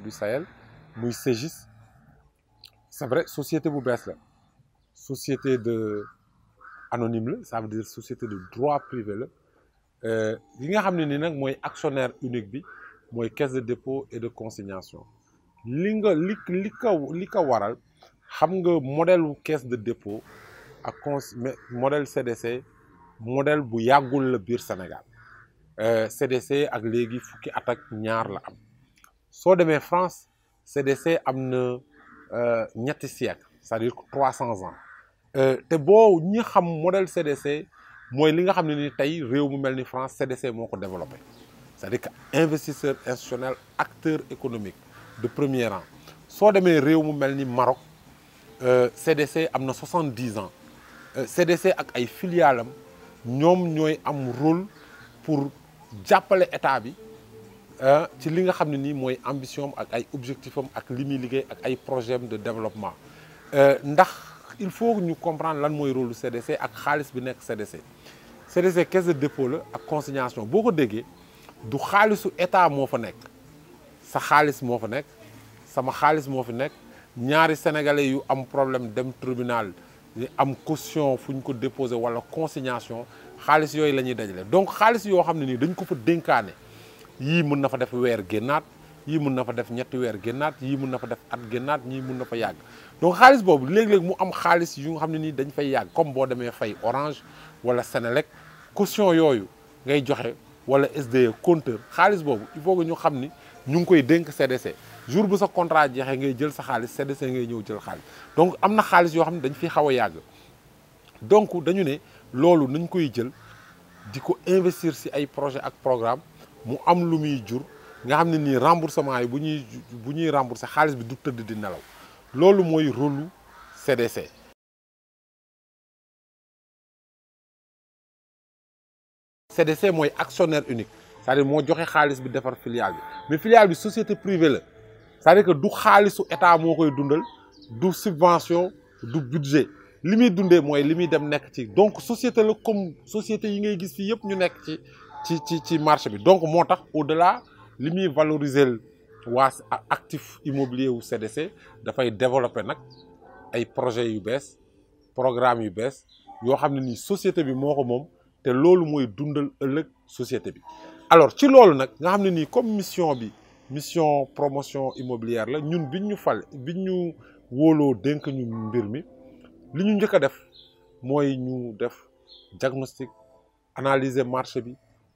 du Sahel muy c'est vrai société bu société de anonyme ça veut dire société de droit privé la euh, li nga xam ni actionnaire unique bi mooy caisse de dépôt et de consignation li nga li li waral xam modèle caisse de dépôt modèle CDC modèle bu yàggul le bir Sénégal euh, CDC a légui fukki attaque ak ñaar la am de demee France CDC a na euh, ñetti siècle c'est-à-dire 300 ans Si euh, boo ñi xam modèle CDC moi li nga xam ne ni France CDC moo développé c'est-à-dire que investisseur institutionnel acteur économique de premier rang Soit demee réew mu Maroc ni Maroc CDC a 70 ans. Le euh, CDC ak ay filialam nous avons un rôle pour appeler l'État. Euh, ci li nga xamni ni moy ambition ak ay objectif am ak limi muy ak ay projet de développement euh ndax il faut ñu comprendre lan moy rôle CDC ak xaalis bi nek CDC CDC caisse de dépôt la ak consignation boko ko du xaalisu état moo fa nekk sa xaalis moo fa nekk sama xaalis moo fi nekk ñaari sénégalais yu am problème dem tribunal ni am caution fuñ ko déposer wala consignation xaalis yoy lañuy dajalé donc xaalis yo xamni ne dañ ko fa dénkané yii mun na fa def weer génnaat yii mun na fa def ñetti weer génnaat yii mun na fa def at génnaat ñii mun na fa yàgg donc xaalis boobu léeg-léeg mu am xaalis yu nga xam ne nii dañ fay yàgg comme boo demee fay Orange wala Senelec caution yooyu ngay joxe wala SDE compteur xaalis boobu il faut que ñu xam ni ñu ngi koy dénk CDC jour bu sa contrat jeexee ngay jël sa xaalis CDC ngay ñëw jël xaalis donc am na xaalis yoo xam ne dañ fi xaw a yàgg donc dañu ne loolu nañ koy jël di ko investir si ay projet ak programme mu am lu muy jur nga xam ne nii remboursement yi bu ñuy bu ñuy remboursé xaalis bi du tëdd di nelaw loolu mooy rôle CDC. CDC mooy actionnaire unique cest dire moo joxe xaalis bi defar filiale bi mais filiale bi société privée la cest dire que du xaalisu état moo koy dundal du subvention du budget li muy dundee mooy li muy dem nekk ci donc société la comme société yi ngay gis fii yëpp ñu nekk ci. ci ci ci marché bi donc moo au delà li muy valoriser waa actif immobilier ou CDC dafay développer nag ay projets yu bees programme yu bees yoo xam ne société bi moo ko moom te loolu mooy dundal ëllëg société bi alors ci loolu nag nga xam ne comme mission bi mission promotion immobilière la ñun biñ ñu fal biñ ñu wóoloo dénk ñu mbir mi li ñu njëkk def moy ñu def diagnostic analyser marché bi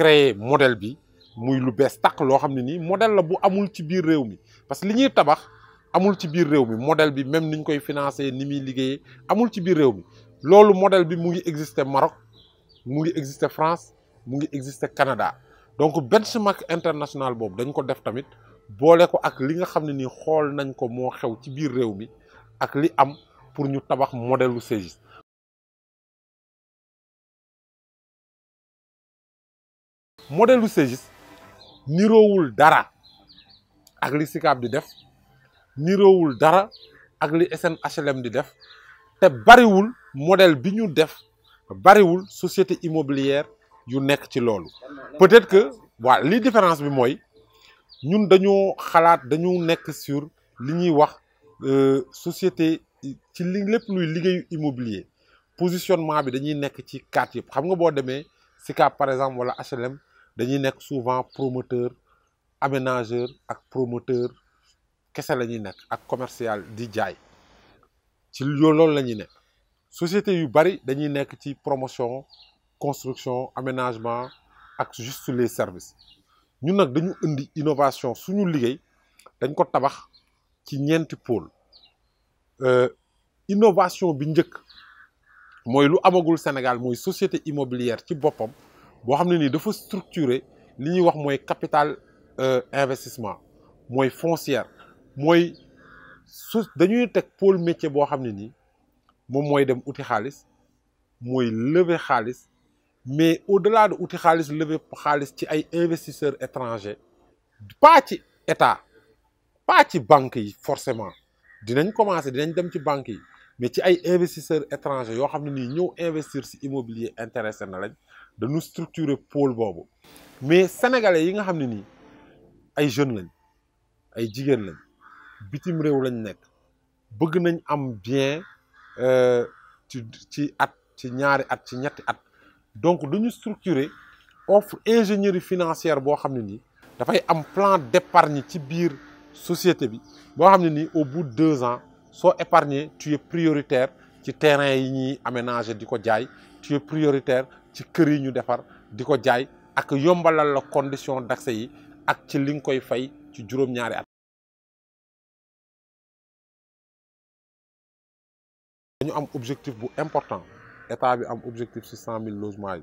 créer modèle bi muy lu bees tak lo xam ni modèle la bu amul ci biir réew mi parce que li tabax amul ci biir réew mi modèle bi même niñ koy financer ni mi liggéeyee amul ci biir réew mi loolu modèle bi mu ngi exister Maroc mu ngi exister France mu ngi exister Canada donc benchmark international bobu dañ ko def tamit boole ko ak li nga xam ni xol nañ ko mo xew ci biir réew mi ak li am pour ñu tabax modèle lu modèle lu ni niroowul dara ak li SICAP di def niroowul dara ak li SNHLM di def te bariwul modèle bi def bariwul société immobilière yu nekk ci peut-être que waa li différence bi mooy ñun dañoo xalaat dañu nekk sur li ñuy euh, société ci li le luy ligue immobilier positionnement bi dañuy nekk ci quartier yëpp xam nga boo demee SICAP par exemple wala HLM dañuy nekk souvent promoteur aménageur ak promoteur kese lañuy ñuy nekk ak commercial di jaay ci loolu la ñuy nekk société yu bari dañuy nekk ci promotion construction aménagement ak juste les services ñun nag dañu indi innovation suñu liggéey dañ ko tabax ci ñeenti pôle euh, innovation bi njëkk mooy lu amagul Sénégal mooy société immobilière ci boppam nous xam ni dafa structurer. capital euh, investissement moyen foncière moy dañuy tek pôle métier dem lever mais au-delà de outil lever ci investisseurs étrangers pas ci état pas ci banque forcément dinañ commencer dinañ dem ci banque mais ci ay investisseurs étrangers yo investir immobilier intéressé de nous structurer pôle bobo. mais sénégalais yi nga xam ne nii ay jeunes lañ ay jigéen lañ bitim réew lañ nekk bëgg nañ am bien euh, ci ci at ci ñaari at ci ñetti at donc structurer offre ingénierie financière bo xamni ni da fay am plan d'épargne ci biir société bi bo xamni ni au bout de deux ans so épargné tu es prioritaire ci terrain yi ñuy aménager diko jaay tu es prioritaire ci kër yi ñu défar diko jaay ak yombalal la condition d'accès yi ak ci li nga koy fay ci juróom-ñaari at. dañu am objectif bu important état bi am objectif ci cent mille logements yi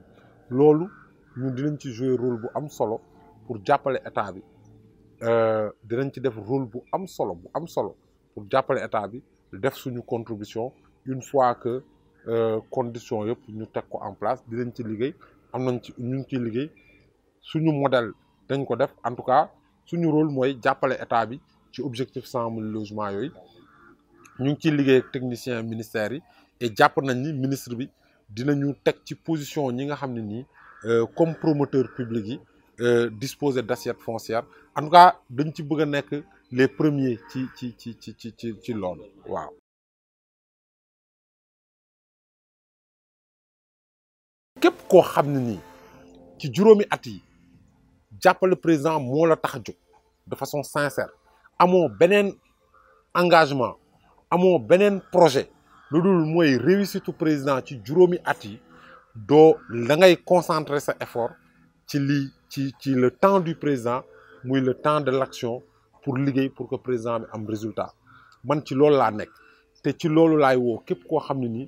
loolu ñu dinañ ci jouer rôle bu am solo pour jàppale état bi euh, dinañ ci def rôle bu am solo bu am solo pour jàppale état bi def suñu contribution une fois que. Euh, conditions yëpp ñu tek ko en place dinañ ci liggéey am nañ ci ñu ci ciy liggéey suñu modèle dañ ko def en tout cas suñu rôle moy jappalé état bi ci objectif cent mille logements yoy ñu ci ciy liggéey ak technicien ministère yi et japp nañ ni ministre bi dinañu tek ci position ñi nga xamni ni euh comme promoteur public yi euh disposer d'assiette foncière en tout cas dañ ci bëgg nekk les premiers ci ci ci ci ci ci loolu waaw képp ko xamni ne ci juróomi at yi jàppale président moo la tax a de façon sincère amo benen engagement amo benen projet lu moy mooy réussite président ci juróomi at yi doo la ngay concentrer sa effort ci li ci ci le temps du président muy le temps de l'action pour liggéey pour que président am résultat man ci loolu la nek te ci loolu lay wo képp ko xamni ne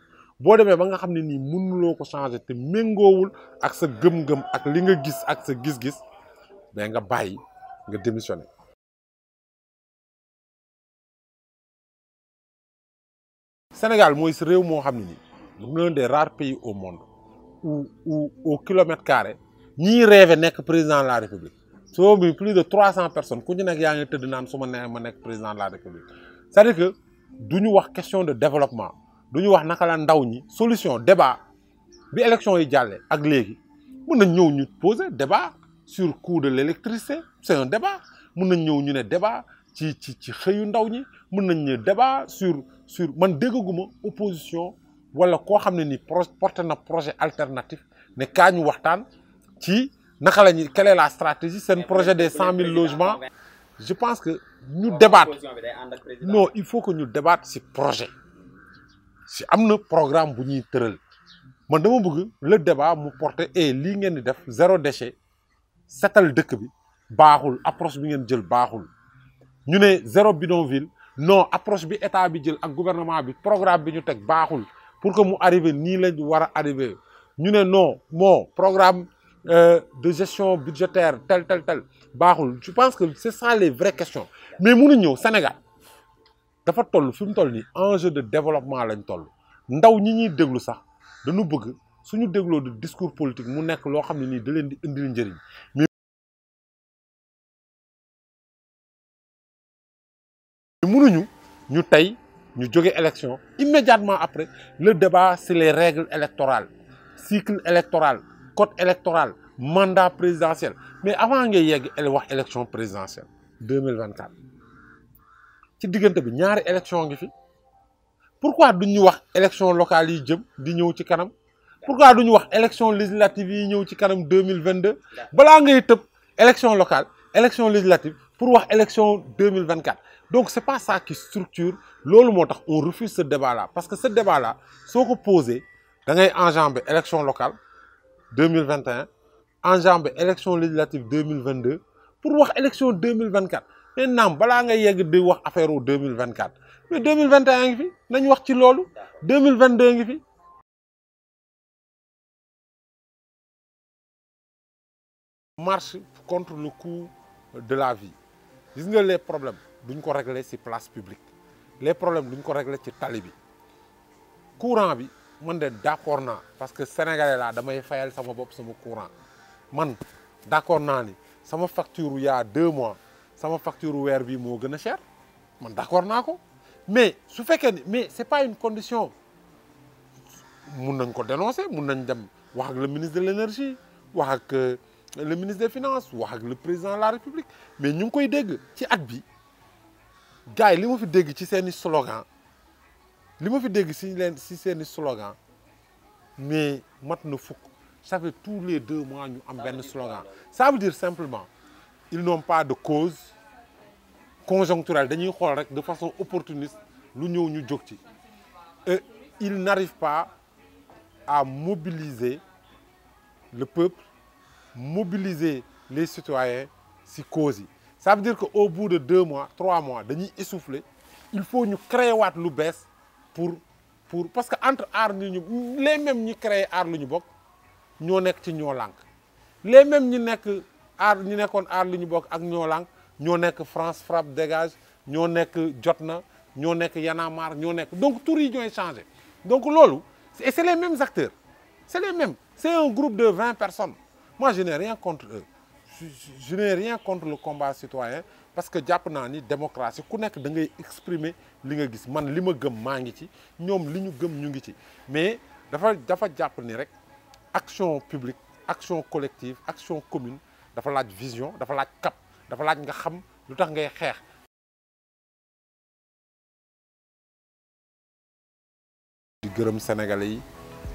bo demee ba nga xam ni nii mënuloo ko changer té mengowul ak sa gëm-gëm ak li nga gis ak sa gis-gis mais nga bàyyi nga démissioner Sénégal moy si réew moo xam ne l'un des rares pays au monde où où au kilomètre carré ñii rêvé nek président de la république so bi plus de 300 personnes ku ñu nek yaa ngi tëdd naan suma ma ma nek président de la république c'est-à-dire que duñu wax question de développement duñu wax naka la ndaw ñi solution débat bi élection yi jàlle ak léegi mën nañ ñëw ñu poser débat sur coût de l'électricité c'est un débat mën nañ ñëw ñu ne débat ci ci ci xëyu ndaw ñi mën nañ ne débat sur sur man déggaguma opposition wala koo xam ne ni pro porté na projet alternatif ne kaa waxtaan ci naka la ñuy quelle est la stratégie seen projet des cent mille logements je pense que ñu débat non il faut que ñu débat ci projet si am un programme bu ñuy tëral man dama bëgg le débat mu porter et eh, li ngeen di def zéro déchet setal dëkk bi baaxul approche bi ngeen jël baaxul ñu né zéro bidonville non approche bi état bi jël ak gouvernement bi programme bi ñu tek baaxul pour que mu arriver ni la wara arriver ñu non mon programme euh, de gestion budgétaire tel tel tel baaxul je pense que c'est ça les vraies questions mais mënuñ ñëw Sénégal dafa toll fi mu toll enjeu de développement lañ toll ndaw ñi ñuy déglu sax dañu bëgg suñu dégloo de discours politique mu nekk loo xam ne nii da leen di indil njëriñ mais mënuñu ñu ñu élection immédiatement après le débat c'est les règles électorales cycle électoral code électoral mandat présidentiel mais avant ngay yegg wax élection présidentielle 2024 ci diggante bi ñaari élection ngi fi pourquoi duñu wax élection locale yi jëm di ñëw ci kanam pourquoi duñu wax élection législative yi ñëw ci kanam 2022 bala élection locale élection législative pour wax élection 2024 donc c'est pas ça qui structure loolu moo on refuse ce débat là parce que ce débat là soo ko posé da ngay enjamber élection locale 2021 enjamber élection législative 2022 pour wax élection 2024 mais bala nga yegg di wax affaire 2024 mais 2021 mille ngi fi nañ wax ci lolu 2022 ngi fi marche contre le coût de la vie gis nga les problèmes duñ ko régler ci place publique les problèmes duñ ko régler ci tali bi courant bi man de d'accord na parce que sénégalais laa damay fayal sama bop sama courant man d'accord na ni sama facture ya deux mois sama facture weer bi mo gëna cher man d'accord nako mais su fekké ni mais c'est pas une condition mën nañ ko dénoncer mën nañ dem wax ak le ministre de l'énergie wax ak euh, le ministre des finances wax ak le président de la république mais ñu ngi koy dégg ci at bi gaay yi li fi dégg ci seeni slogan li ma fi dégg ci leen slogan mais mat na fuk ça fait tous les deux mois ñu am benn slogan ça veut dire simplement ils n'ont pas de cause conjoncturelle de façon opportuniste l'union ñëw ñu et ils n'arrivent pas à mobiliser le peuple mobiliser les citoyens si cause ça veut dire que au bout de deux mois trois mois dañuy essouffler il faut nous créer waat lu pour pour parce que entre ar les mêmes qui créer ar lu ñu les mêmes qui sont ar ñi nekkoon ar li ñu bokk ak ñoo lang ñoo nekk France frappe dégage ñoo nekk jotna na ñoo nekk Y en a ñoo nekk donc tur yi ñooy changé donc loolu et c'est les mêmes acteurs c'est les mêmes c'est un groupe de 20 personnes moi je n'ai rien contre eux je, n'ai rien contre le combat citoyen parce que japp naa ni démocratie ku nekk da ngay exprimer li nga gis man li ma gëm ngi ci gëm ñu ngi ci mais dafa dafa jàpp ni rek action publique action collective action commune dafa laaj vision dafa laaj cap dafa laaj nga xam lu tax ngay xeex di gërëm Sénégalais yi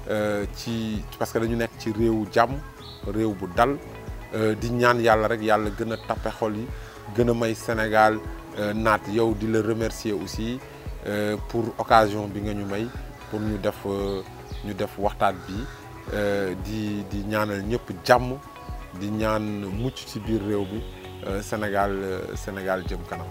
euh, ci parce que dañu nekk ci réewu jàmm réew bu dal euh, di ñaan yàlla rek yàlla gën a tappe xol yi gën a may Sénégal euh, naat yow di la remercier aussi pour occasion bi nga ñu may pour ñu def ñu def waxtaan bi di di ñaanal ñëpp jàmm di ñaan mucc ci biir réew bi euh, Sénégal euh, Sénégal jëm kanam